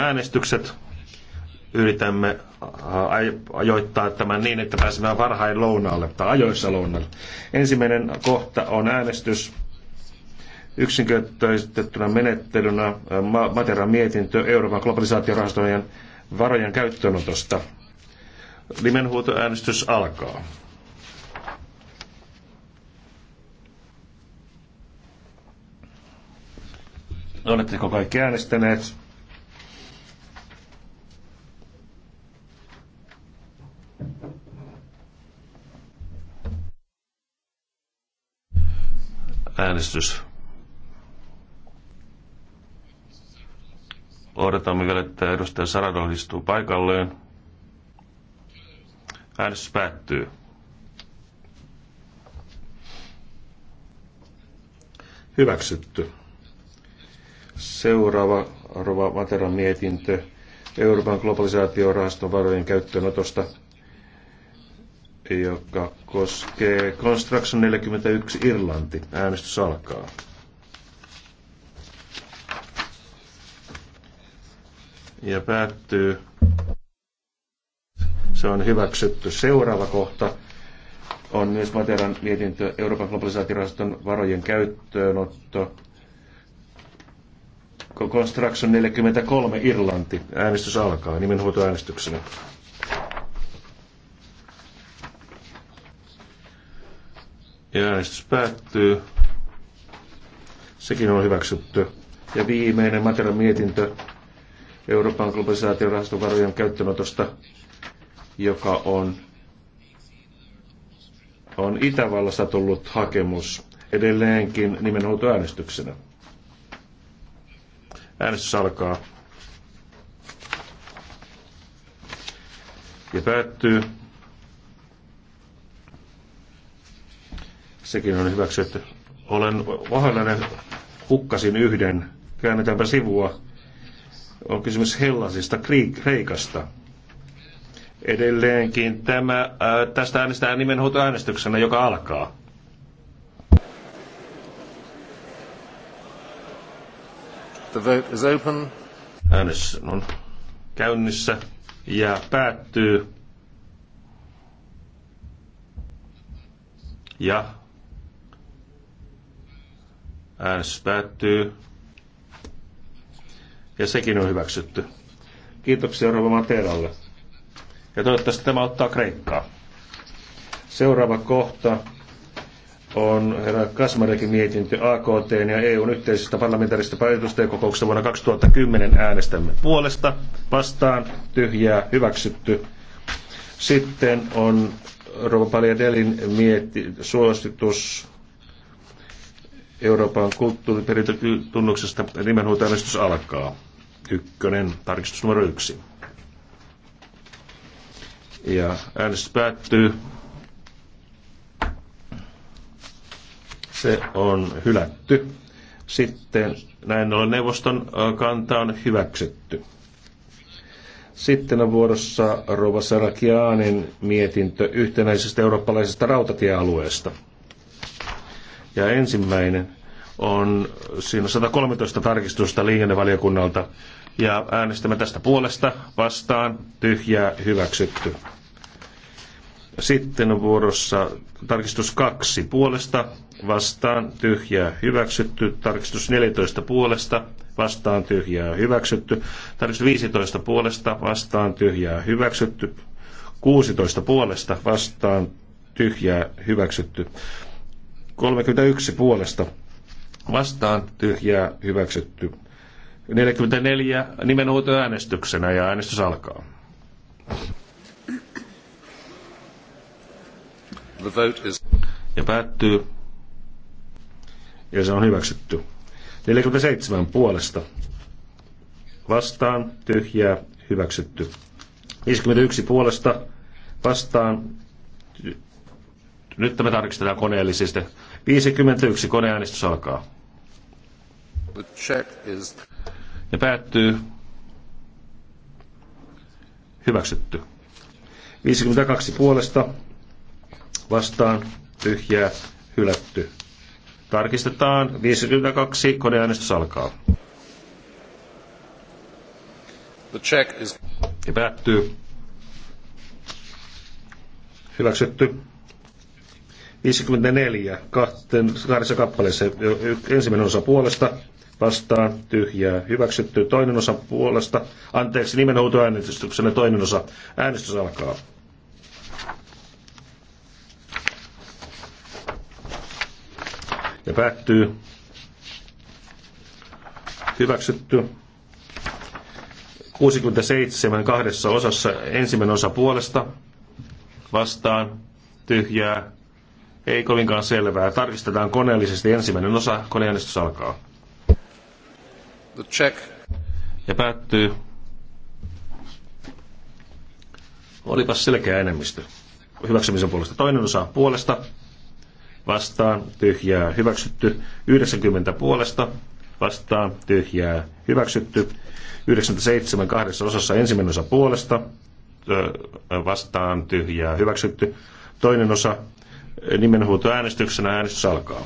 äänestykset. Yritämme äh, ajoittaa tämän niin, että pääsemme varhain lounaalle tai ajoissa lounaalle. Ensimmäinen kohta on äänestys yksinkertaistettuna menettelynä äh, Materan mietintö Euroopan globalisaatiorahastojen varojen käyttöönotosta. Limenhuutoäänestys alkaa. Oletteko kaikki äänestäneet? äänestys. Odotamme vielä, että edustaja Saradol istuu paikalleen. Äänestys päättyy. Hyväksytty. Seuraava Rova Materan mietintö Euroopan globalisaatiorahaston varojen käyttöönotosta joka koskee Construction 41 Irlanti. Äänestys alkaa. Ja päättyy. Se on hyväksytty. Seuraava kohta on myös Materan mietintö Euroopan globalisaatirahaston varojen käyttöönotto. Construction 43 Irlanti. Äänestys alkaa nimenhuutoäänestyksenä. äänestyksenä. Ja äänestys päättyy. Sekin on hyväksytty. Ja viimeinen Materan mietintö Euroopan globalisaation varojen käyttöönotosta, joka on, on Itävallasta tullut hakemus edelleenkin nimenhuutoäänestyksenä. Äänestys alkaa. Ja päättyy. Sekin on hyväksytty. Olen vahvallinen hukkasin yhden. Käännetäänpä sivua. On kysymys Hellasista, Kreikasta. Edelleenkin tämä, ää, äh, tästä nimenhoito äänestyksenä, joka alkaa. The vote is open. Äänestys on käynnissä ja päättyy. Ja Äänestys päättyy. Ja sekin on hyväksytty. Kiitoksia Rova Materalle. Ja toivottavasti tämä ottaa Kreikkaa. Seuraava kohta on herra Kasmarekin mietintö AKT ja EUn yhteisestä parlamentaarista kokouksesta vuonna 2010 äänestämme puolesta, vastaan, tyhjää, hyväksytty. Sitten on Rova Paljadelin mietti, suositus Euroopan kulttuuriperintötunnuksesta nimenhuutoäänestys alkaa. Ykkönen, tarkistus numero yksi. Ja äänestys päättyy. Se on hylätty. Sitten näin ollen neuvoston kanta on hyväksytty. Sitten on vuorossa Rova Sarakianin mietintö yhtenäisestä eurooppalaisesta rautatiealueesta. Ja ensimmäinen on, siinä 113 tarkistusta liikennevaliokunnalta. Ja äänestämme tästä puolesta, vastaan, tyhjää, hyväksytty. Sitten on vuorossa tarkistus 2 puolesta, vastaan, tyhjää, hyväksytty. Tarkistus 14 puolesta, vastaan, tyhjää, hyväksytty. Tarkistus 15 puolesta, vastaan, tyhjää, hyväksytty. 16 puolesta, vastaan, tyhjää, hyväksytty. 31 puolesta vastaan tyhjää hyväksytty. 44 äänestyksenä ja äänestys alkaa. The vote is... Ja päättyy. Ja se on hyväksytty. 47 puolesta. Vastaan tyhjää hyväksytty. 51 puolesta vastaan nyt me tarkistetaan koneellisesti. 51 koneäänestys alkaa. Is... Ja päättyy. Hyväksytty. 52 puolesta vastaan tyhjää hylätty. Tarkistetaan. 52 koneäänestys alkaa. The check is... Ja päättyy. Hyväksytty. 54 kahten, kahdessa kappaleessa. Ensimmäinen osa puolesta vastaan tyhjää hyväksytty. Toinen osa puolesta, anteeksi, äänestyksellä toinen osa. Äänestys alkaa. Ja päättyy. Hyväksytty. 67 kahdessa osassa ensimmäinen osa puolesta vastaan tyhjää ei kovinkaan selvää. Tarkistetaan koneellisesti ensimmäinen osa. Koneäänestys alkaa. The check. Ja päättyy. Olipas selkeä enemmistö. Hyväksymisen puolesta toinen osa puolesta. Vastaan tyhjää hyväksytty. 90 puolesta. Vastaan tyhjää hyväksytty. 97 kahdessa osassa ensimmäinen osa puolesta. Vastaan tyhjää hyväksytty. Toinen osa Nimenhuuto äänestyksenä äänestys alkaa.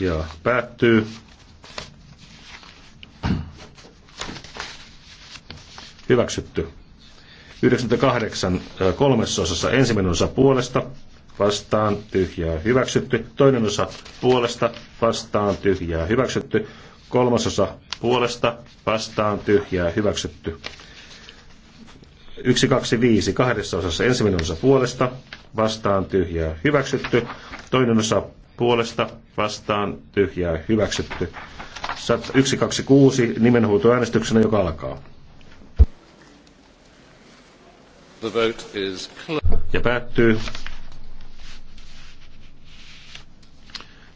Ja päättyy. Hyväksytty. 98 kolmessa osassa ensimmäinen osa puolesta, vastaan tyhjää hyväksytty. Toinen osa puolesta, vastaan tyhjää hyväksytty. Kolmas osa puolesta, vastaan tyhjää hyväksytty. 1, 2, 5 kahdessa osassa. Ensimmäinen osa puolesta, vastaan tyhjää hyväksytty. Toinen osa puolesta, vastaan tyhjää hyväksytty. 1, 2, 6 nimenhuuto äänestyksenä, joka alkaa. The vote is ja päättyy.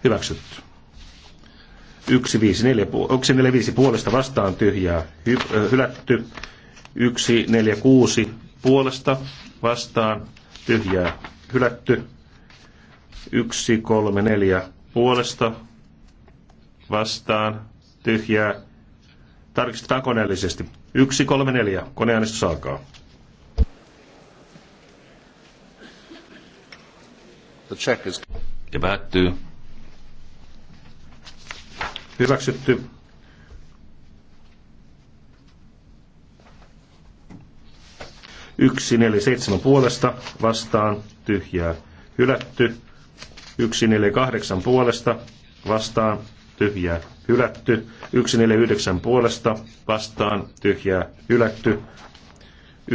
Hyväksytty. 1, 5, 4, 5 puolesta vastaan tyhjää hy, hylätty. 146 puolesta vastaan tyhjää hylätty. 134 puolesta vastaan tyhjää. Tarkistetaan koneellisesti. 134. Koneäänestys alkaa. The check is... Ja päättyy. Hyväksytty. 147 puolesta vastaan tyhjää hylätty. 148 puolesta vastaan tyhjää hylätty. 149 puolesta vastaan tyhjää hylätty.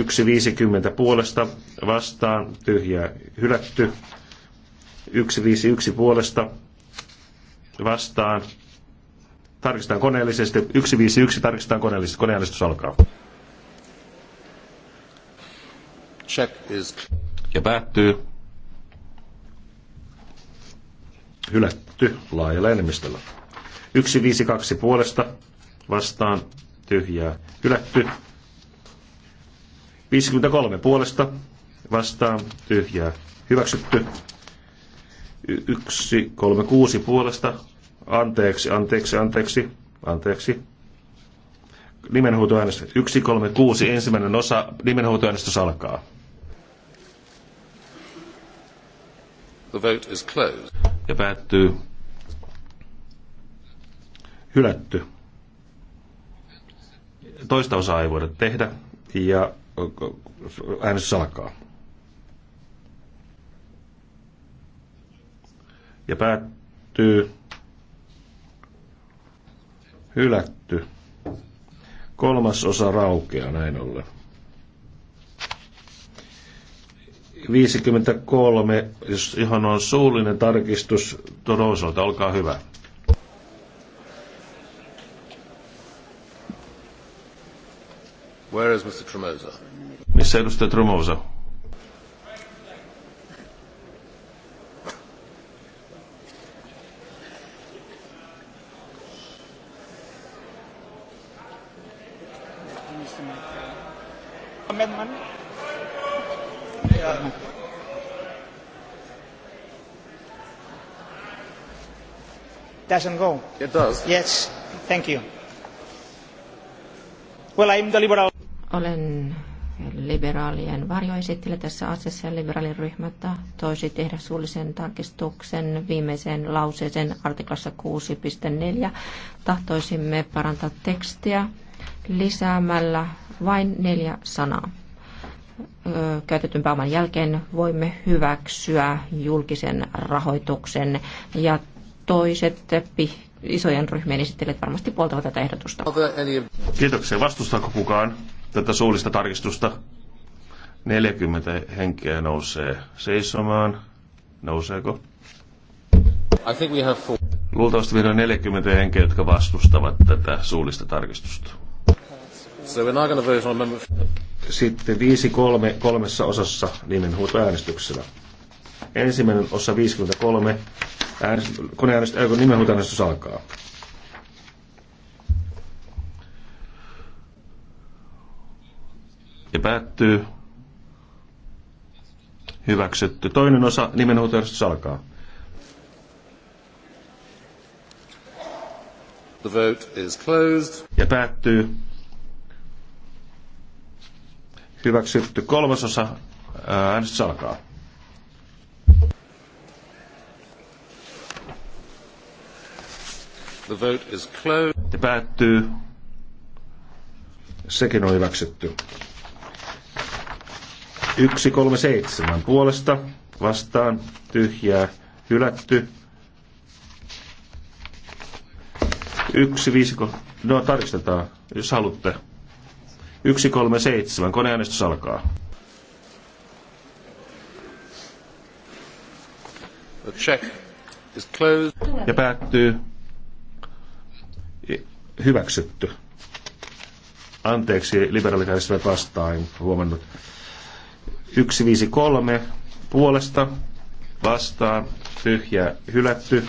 150 puolesta vastaan tyhjää hylätty. 151 puolesta vastaan. Tarkistetaan koneellisesti. 151 tarkistetaan koneellisesti. Koneellistus alkaa. Check is... Ja päättyy. Hylätty laajalla enemmistöllä. 152 puolesta vastaan tyhjää hylätty. 53 puolesta vastaan tyhjää hyväksytty. 136 puolesta anteeksi, anteeksi, anteeksi, anteeksi. Nimenhuutoäänestys 136 ensimmäinen osa, nimenhuutoäänestys alkaa. The vote is closed. Ja päättyy. Hylätty. Toista osaa ei voida tehdä ja äänestys alkaa. Ja päättyy. Hylätty. Kolmas osa raukeaa näin ollen. 53, jos ihan on suullinen tarkistus Torosolta, Olkaa hyvä. Where is Mr. Tremosa? Missä edustaja Tremosa? doesn't go. It does. Yes. Thank you. Well, I'm the liberal. Olen liberaalien varjoesittelijä tässä asiassa ja liberaalin ryhmä toisi tehdä suullisen tarkistuksen viimeiseen lauseeseen artiklassa 6.4. Tahtoisimme parantaa tekstiä lisäämällä vain neljä sanaa käytetyn pääoman jälkeen voimme hyväksyä julkisen rahoituksen ja toiset isojen ryhmien esittelijät varmasti puoltavat tätä ehdotusta. Kiitoksia. Vastustaako kukaan tätä suullista tarkistusta? 40 henkeä nousee seisomaan. Nouseeko? I think we have four. Luultavasti vielä 40 henkeä, jotka vastustavat tätä suullista tarkistusta. So we're not gonna vote on Sitten 5-3 kolmessa osassa nimenhuutoäänestyksellä. Niin Ensimmäinen osa 53. Äänestys, koneäänestys, äh, alkaa. Ja päättyy. Hyväksytty. Toinen osa nimenhuutoäänestys alkaa. The vote is closed. Ja päättyy. Hyväksytty kolmasosa. Äänestys alkaa. The vote is closed. Päättyy. Sekin on hyväksytty. 137 puolesta vastaan tyhjää hylätty. 153. No tarkistetaan, jos haluatte. 137. Koneäänestys alkaa. The check is closed. Ja päättyy hyväksytty. Anteeksi, liberalitarismit vastaan, en huomannut. 153 puolesta vastaan, tyhjä hylätty.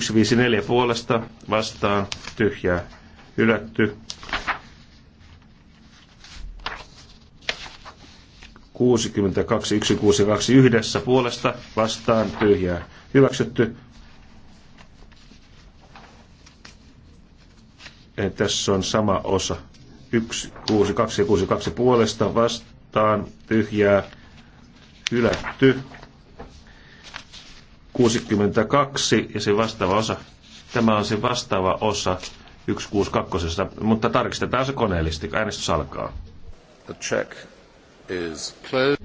154 puolesta vastaan, tyhjä hylätty. 62, 162 yhdessä puolesta vastaan, tyhjää hyväksytty. Tässä on sama osa. 1, 6, 2 ja 6, 2 puolesta vastaan tyhjää hylätty. 62 ja se vastaava osa. Tämä on se vastaava osa 162, mutta tarkistetaan se koneellisesti. Äänestys alkaa. The check is closed.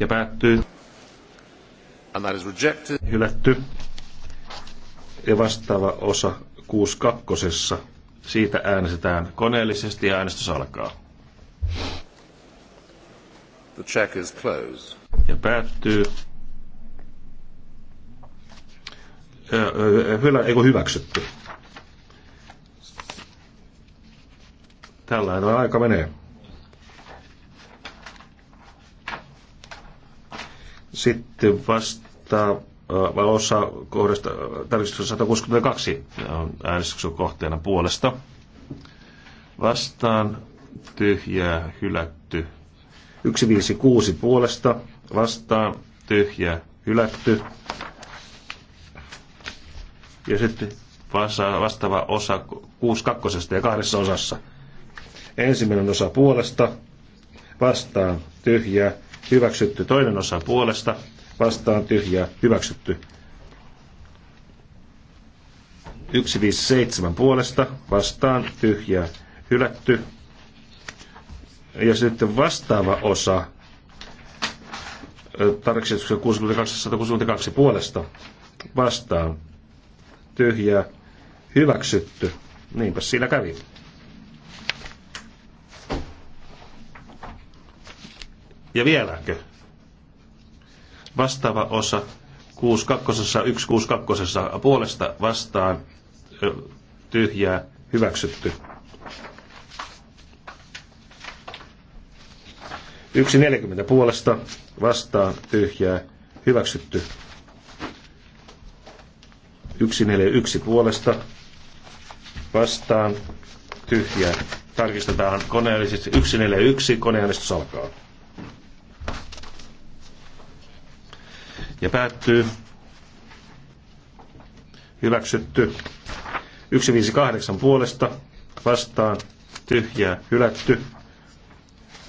Ja päättyy. And that is rejected. Hylätty. Ja vastaava osa 62. Siitä äänestetään koneellisesti ja äänestys alkaa. The check is closed. Ja päättyy. Hylä, eikö hyväksytty? Tällainen aika menee. Sitten vasta Äh, valossa kohdasta äh, tarkistus 162 on äänestyksen kohteena puolesta. Vastaan tyhjää hylätty. 156 puolesta vastaan tyhjää hylätty. Ja sitten vastaava osa 62 ja kahdessa osassa. Ensimmäinen osa puolesta vastaan tyhjää hyväksytty toinen osa puolesta vastaan tyhjää hyväksytty. 157 puolesta vastaan tyhjää hylätty. Ja sitten vastaava osa tarkistuksessa 62, 162 puolesta vastaan tyhjää hyväksytty. Niinpä siinä kävi. Ja vieläkö? Vastaava osa 62, 162 puolesta vastaan tyhjää hyväksytty. 1.40 puolesta vastaan tyhjää hyväksytty. 141 puolesta vastaan tyhjää. Tarkistetaan koneellisesti 141, koneellisesti salkaa. ja päättyy. Hyväksytty. 158 puolesta vastaan tyhjää hylätty.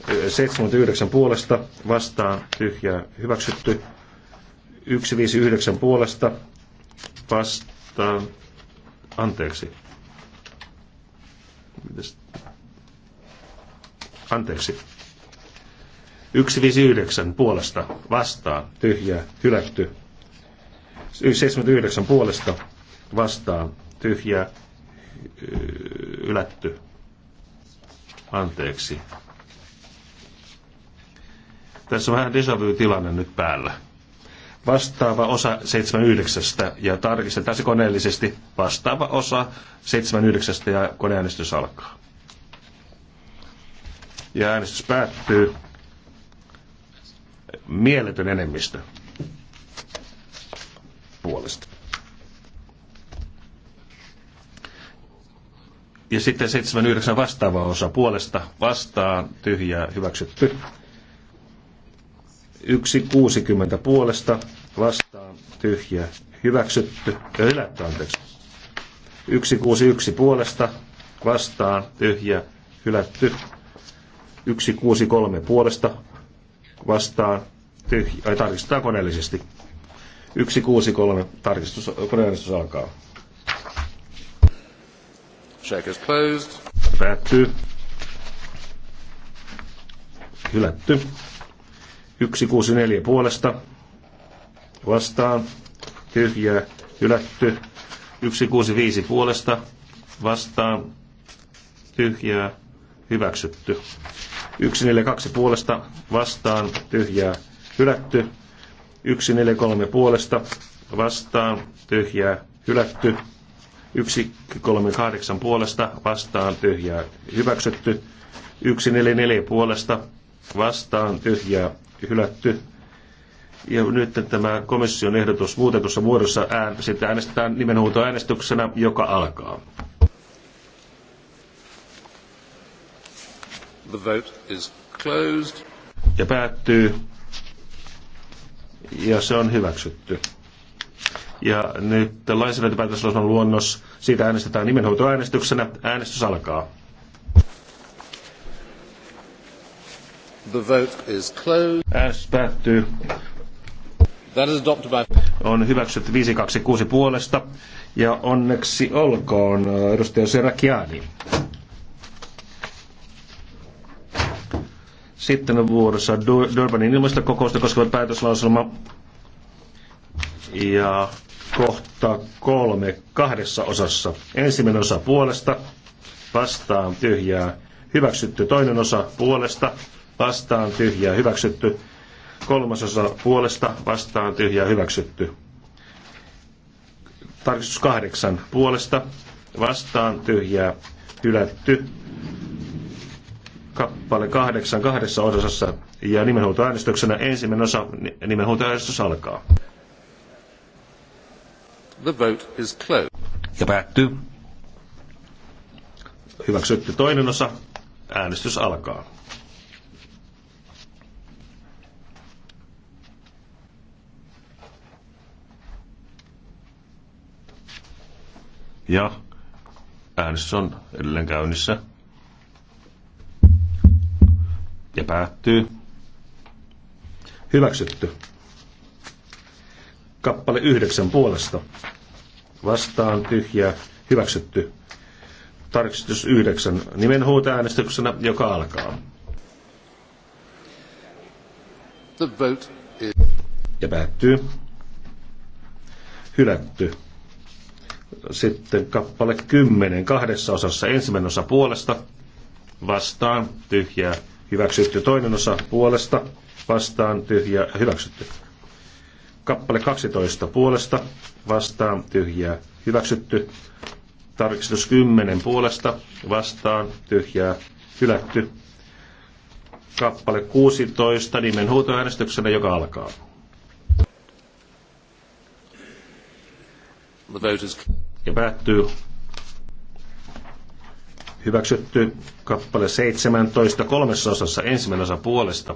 79 puolesta vastaan tyhjää hyväksytty. 159 puolesta vastaan anteeksi. Anteeksi. 159 puolesta vastaan tyhjä hylätty. 79 puolesta vastaan tyhjä ylätty. Anteeksi. Tässä on vähän déjà tilanne nyt päällä. Vastaava osa 79 ja tarkistetaan se koneellisesti. Vastaava osa 79 ja koneäänestys alkaa. Ja äänestys päättyy mieletön enemmistö puolesta. Ja sitten 79 vastaava osa puolesta vastaan, tyhjää, hyväksytty. 160 puolesta vastaan, tyhjää, hyväksytty. Ja hylätty, anteeksi. 161 puolesta vastaan, tyhjää, hylätty. 163 puolesta vastaa tyhjä, ei, tarkistetaan koneellisesti. 163 tarkistus, koneellistus alkaa. Check is closed. Päättyy. Hylätty. 164 puolesta vastaan Tyhjä. hylätty. 165 puolesta vastaan tyhjää hyväksytty. 142 puolesta vastaan tyhjää hylätty. 143 puolesta vastaan tyhjää hylätty. 138 puolesta vastaan tyhjää hyväksytty. 144 puolesta vastaan tyhjää hylätty. Ja nyt tämä komission ehdotus muutetussa muodossa ään, sitä äänestetään nimenhuutoäänestyksenä, joka alkaa. The vote is closed. Ja päättyy. Ja se on hyväksytty. Ja nyt lainsäädäntöpäätöslauselman luonnos, siitä äänestetään nimenhoitoäänestyksenä. Äänestys alkaa. The vote is closed. Äänestys päättyy. That is adopted by... On hyväksytty 526 puolesta ja onneksi olkoon edustaja Serakiani. Sitten on vuorossa Durbanin ilmastokokousta koskeva päätöslauselma. Ja kohta kolme kahdessa osassa. Ensimmäinen osa puolesta, vastaan tyhjää, hyväksytty. Toinen osa puolesta, vastaan tyhjää, hyväksytty. Kolmas osa puolesta, vastaan tyhjää, hyväksytty. Tarkistus kahdeksan puolesta, vastaan tyhjää, hylätty kappale kahdeksan kahdessa osassa ja nimenhuutoäänestyksenä ensimmäinen osa nimenhuutoäänestys alkaa. The vote is closed. Ja päättyy. Hyväksytty toinen osa. Äänestys alkaa. Ja äänestys on edelleen käynnissä ja päättyy. Hyväksytty. Kappale yhdeksän puolesta. Vastaan tyhjää. Hyväksytty. Tarkistus yhdeksän nimenhuutoäänestyksenä, joka alkaa. The vote is... Ja päättyy. Hylätty. Sitten kappale 10 kahdessa osassa. Ensimmäinen osa puolesta vastaan tyhjää hyväksytty. Toinen osa puolesta, vastaan, tyhjää, hyväksytty. Kappale 12 puolesta, vastaan, tyhjää, hyväksytty. Tarkistus 10 puolesta, vastaan, tyhjää, hylätty. Kappale 16 nimen huutoäänestyksenä, joka alkaa. Ja päättyy. Hyväksytty kappale 17 kolmessa osassa ensimmäinen osa puolesta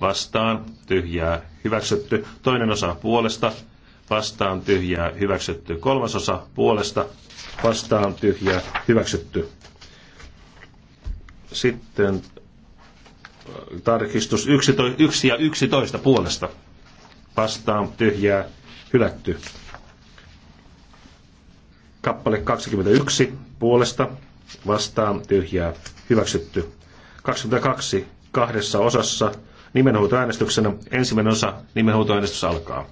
vastaan tyhjää hyväksytty, toinen osa puolesta vastaan tyhjää hyväksytty, kolmas osa puolesta vastaan tyhjää hyväksytty. Sitten äh, tarkistus 1 ja 11 puolesta vastaan tyhjää hylätty. Kappale 21 puolesta vastaan tyhjää hyväksytty. 22 kahdessa osassa nimenhuutoäänestyksenä. Ensimmäinen osa nimenhuutoäänestys alkaa.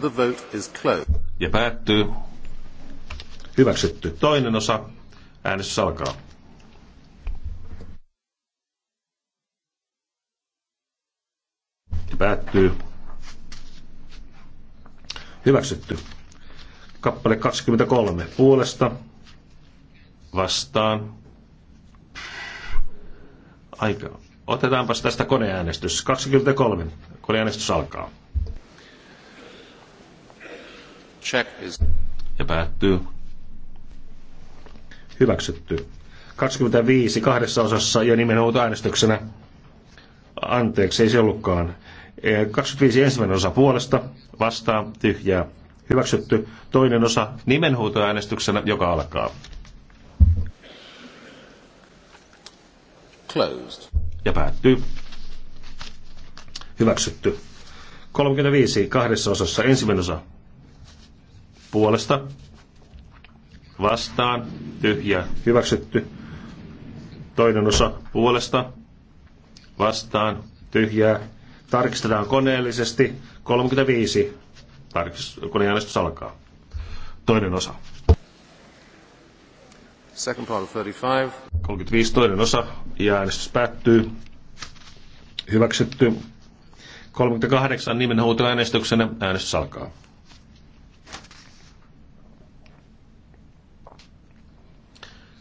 The vote is closed. Ja päättyy. Hyväksytty. Toinen osa. Äänestys alkaa. Ja päättyy. Hyväksytty kappale 23 puolesta vastaan. Aika. Otetaanpas tästä koneäänestys. 23. Koneäänestys alkaa. Check is... Ja päättyy. Hyväksytty. 25 kahdessa osassa ja nimenomaan äänestyksenä. Anteeksi, ei se ollutkaan. 25 ensimmäinen osa puolesta, vastaan, tyhjää, Hyväksytty toinen osa nimenhuutoäänestyksenä, joka alkaa. Closed. Ja päättyy. Hyväksytty. 35 kahdessa osassa. Ensimmäinen osa puolesta. Vastaan. Tyhjä. Hyväksytty. Toinen osa puolesta. Vastaan. Tyhjää. Tarkistetaan koneellisesti. 35 Tarkistus, koneäänestys alkaa. Toinen osa. Second part of 35. 35 toinen osa ja äänestys päättyy. Hyväksytty. 38 nimen huuto äänestyksenä. äänestys alkaa.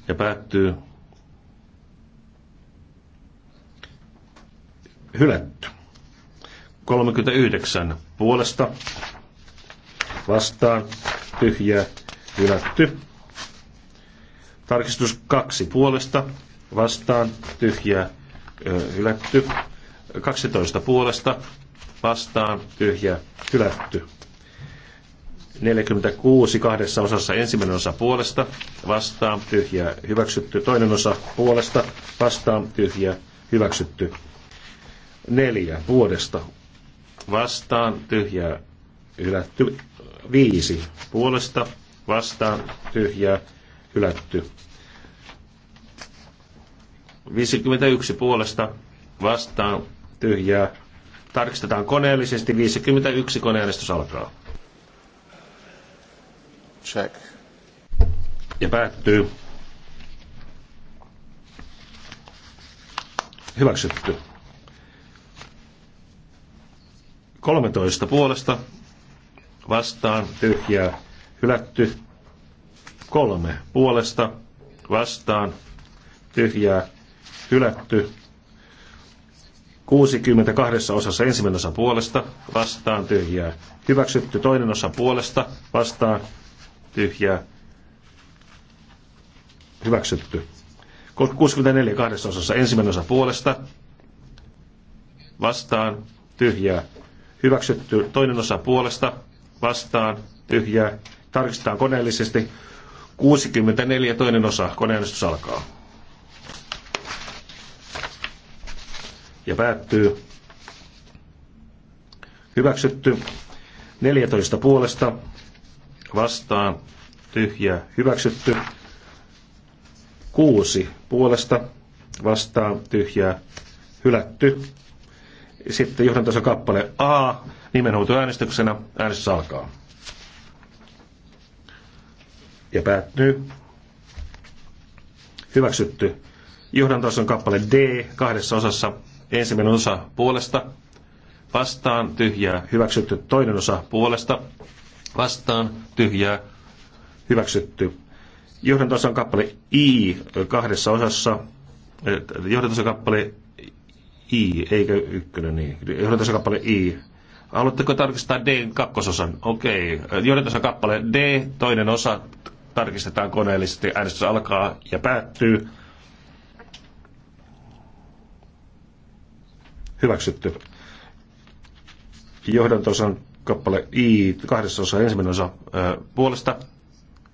Ja päättyy. Hylätty. 39 puolesta vastaan, tyhjää, hylätty. Tarkistus kaksi puolesta, vastaan, tyhjää, hylätty. 12 puolesta, vastaan, tyhjä, hylätty. 46 kahdessa osassa ensimmäinen osa puolesta, vastaan, tyhjä, hyväksytty. Toinen osa puolesta, vastaan, tyhjä, hyväksytty. Neljä vuodesta vastaan, tyhjä, hylätty viisi puolesta vastaan tyhjää hylätty. 51 puolesta vastaan tyhjää. Tarkistetaan koneellisesti. 51 koneäänestys alkaa. Check. Ja päättyy. Hyväksytty. 13 puolesta vastaan tyhjää hylätty. Kolme puolesta vastaan tyhjää hylätty. 62 osassa ensimmäinen osa puolesta vastaan tyhjää hyväksytty. Toinen osa puolesta vastaan tyhjää hyväksytty. 64 kahdessa osassa ensimmäinen osa puolesta vastaan tyhjää hyväksytty. Toinen osa puolesta vastaan tyhjää. Tarkistetaan koneellisesti. 64 toinen osa. Koneäänestys alkaa. Ja päättyy. Hyväksytty. 14 puolesta vastaan tyhjää. Hyväksytty. 6 puolesta vastaan tyhjää. Hylätty. Sitten johdantason kappale A äänestyksenä. äänestys alkaa. Ja päättyy. Hyväksytty. Johdantason kappale D kahdessa osassa. Ensimmäinen osa puolesta. Vastaan tyhjää. Hyväksytty. Toinen osa puolesta. Vastaan tyhjää. Hyväksytty. Johdantason kappale I kahdessa osassa. Eh, Johdantason kappale I, eikä ykkönen niin. Johdantason kappale I Haluatteko tarkistaa D kakkososan? Okei. Okay. kappale D, toinen osa tarkistetaan koneellisesti. Äänestys alkaa ja päättyy. Hyväksytty. Johdantosan kappale I, kahdessa osa, ensimmäinen osa ö, puolesta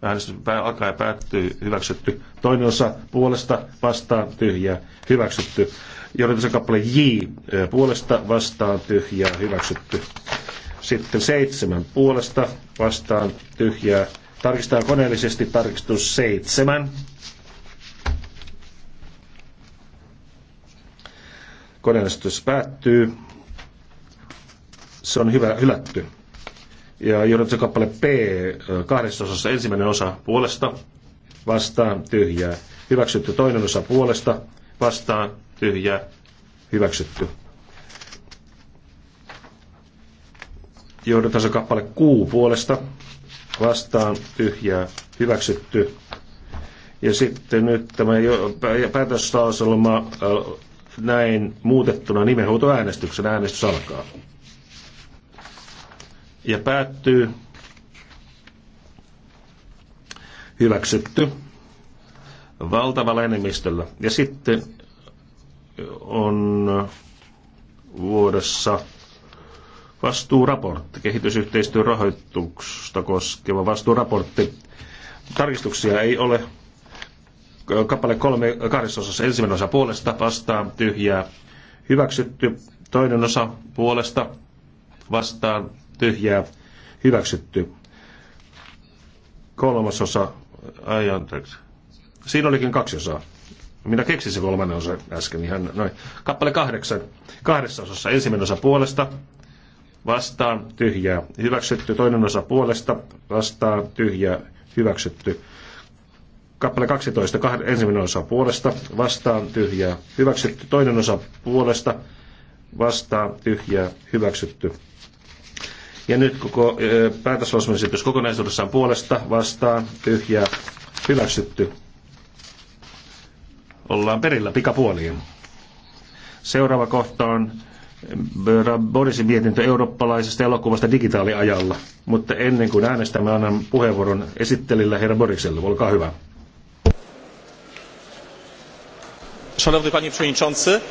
Äänestys alkaa ja päättyy. Hyväksytty. Toinen osa puolesta vastaan tyhjää. Hyväksytty. Johdatuksen kappale J. Puolesta vastaan tyhjää. Hyväksytty. Sitten seitsemän puolesta vastaan tyhjää. Tarkistetaan koneellisesti tarkistus seitsemän. Koneellistus päättyy. Se on hyvä, hylätty. Ja johdatuksen kappale P kahdessa osassa ensimmäinen osa puolesta vastaan tyhjää. Hyväksytty toinen osa puolesta vastaan tyhjää. Hyväksytty. se kappale Q puolesta vastaan tyhjää. Hyväksytty. Ja sitten nyt tämä päätöslauselma näin muutettuna nimenhuutoäänestyksen äänestys alkaa ja päättyy. Hyväksytty valtavalla enemmistöllä. Ja sitten on vuodessa vastuuraportti, kehitysyhteistyön rahoituksesta koskeva vastuuraportti. Tarkistuksia ei ole. Kappale kolme kahdessa ensimmäinen osa puolesta vastaan tyhjää hyväksytty. Toinen osa puolesta vastaan tyhjää hyväksytty. Kolmasosa, ai anteeksi. Siinä olikin kaksi osaa. Minä keksin se kolmannen osa äsken ihan niin noin. Kappale kahdeksan, kahdessa osassa. Ensimmäinen osa puolesta, vastaan, tyhjää, hyväksytty. Toinen osa puolesta, vastaan, tyhjää, hyväksytty. Kappale 12, kah- ensimmäinen osa puolesta, vastaan, tyhjää, hyväksytty. Toinen osa puolesta, vastaan, tyhjää, hyväksytty. Ja nyt koko päätöslausumisesitys kokonaisuudessaan puolesta vastaan tyhjää hyväksytty. Ollaan perillä pikapuoliin. Seuraava kohta on Borisin mietintö eurooppalaisesta elokuvasta digitaaliajalla. Mutta ennen kuin äänestämme, annan puheenvuoron esittelillä herra Borikselle. Olkaa hyvä. Szanowny panie przewodniczący,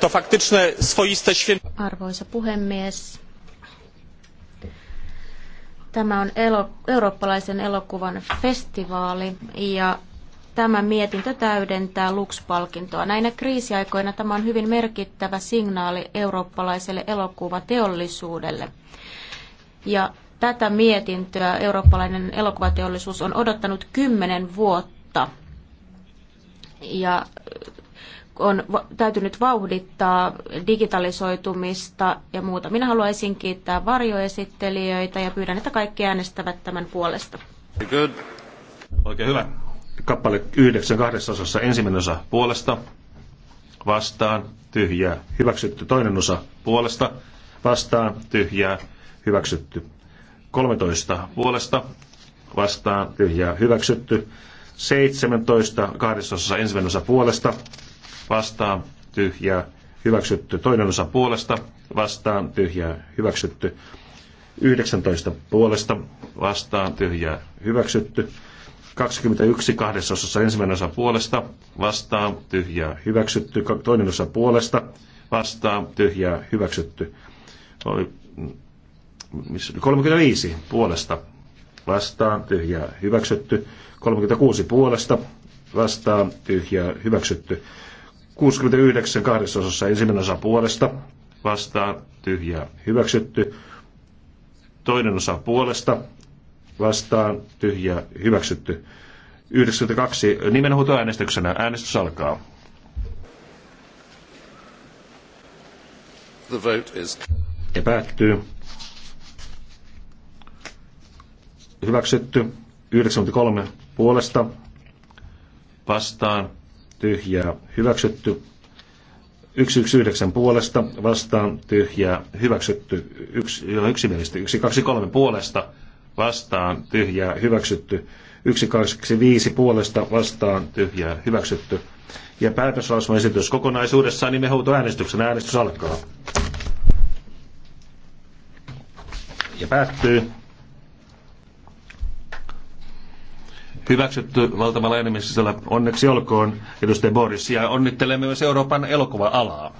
to faktyczne swoiste święto. Arvoisa puhemies, Tämä on elo, eurooppalaisen elokuvan festivaali ja tämä mietintö täydentää Lux-palkintoa. Näinä kriisiaikoina tämä on hyvin merkittävä signaali eurooppalaiselle elokuvateollisuudelle. Ja tätä mietintöä eurooppalainen elokuvateollisuus on odottanut kymmenen vuotta. Ja on täytynyt vauhdittaa digitalisoitumista ja muuta. Minä haluaisin kiittää varjoesittelijöitä ja pyydän, että kaikki äänestävät tämän puolesta. Good. Oikein hyvä. Kappale 9 kahdessa osassa ensimmäinen osa puolesta, vastaan, tyhjää, hyväksytty. Toinen osa puolesta, vastaan, tyhjää, hyväksytty. 13 puolesta, vastaan, tyhjää, hyväksytty. 17 kahdessa osassa ensimmäinen osa puolesta, vastaan tyhjää hyväksytty. Toinen osa puolesta vastaan tyhjää hyväksytty. 19 puolesta vastaan tyhjää hyväksytty. 21 kahdessa osassa ensimmäinen osa puolesta vastaan tyhjää hyväksytty. Toinen osa puolesta vastaan tyhjää hyväksytty. 35 puolesta vastaan tyhjää hyväksytty. 36 puolesta vastaan tyhjää hyväksytty. 69 kahdessa ensimmäinen osa puolesta vastaan tyhjä hyväksytty. Toinen osa puolesta vastaan tyhjä hyväksytty. 92 nimenhuutoäänestyksenä äänestys alkaa. The vote is... Ja päättyy. Hyväksytty. 93 puolesta vastaan tyhjää hyväksytty. 119 puolesta vastaan tyhjää hyväksytty. Yksi, yksimielisesti 123 puolesta vastaan tyhjää hyväksytty. 125 puolesta vastaan tyhjää hyväksytty. Ja päätöslausumaesitys kokonaisuudessaan nimenhuutoäänestyksen niin äänestys alkaa. Ja päättyy. hyväksytty valtavalla enemmistöllä. Onneksi olkoon edustaja Boris ja onnittelemme myös Euroopan elokuva-alaa.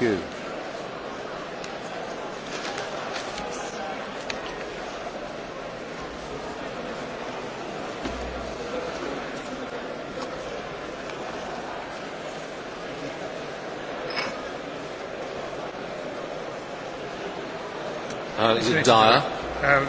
Thank Uh, is it Dyer? Um,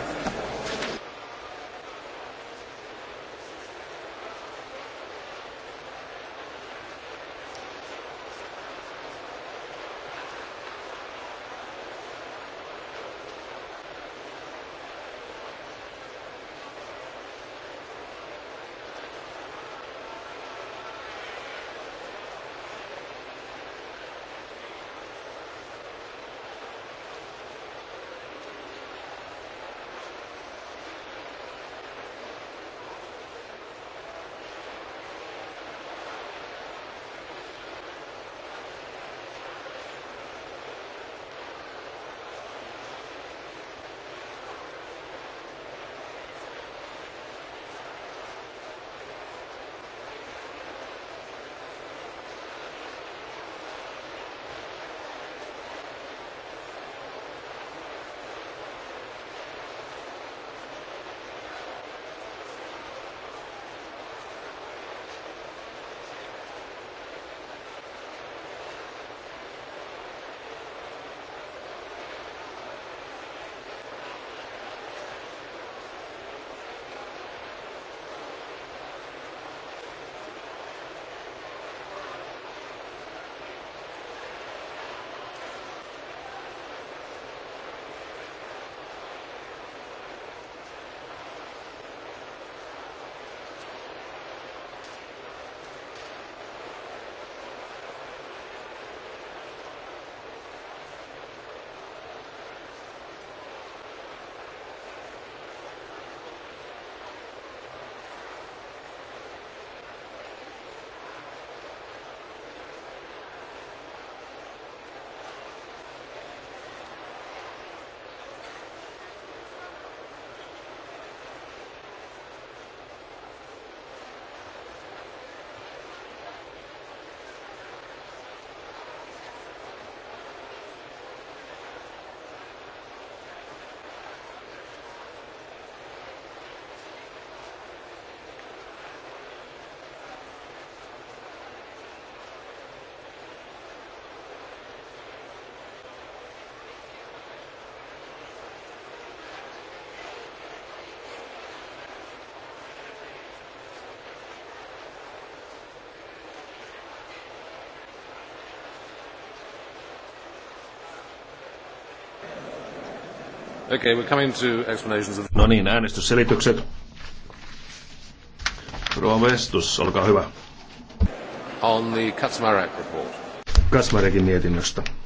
Okay, we're coming to explanations of... No niin, äänestysselitykset. Rova Vestus, olkaa hyvä. On the Kaczmarek report. Kaczmarekin mietinnöstä.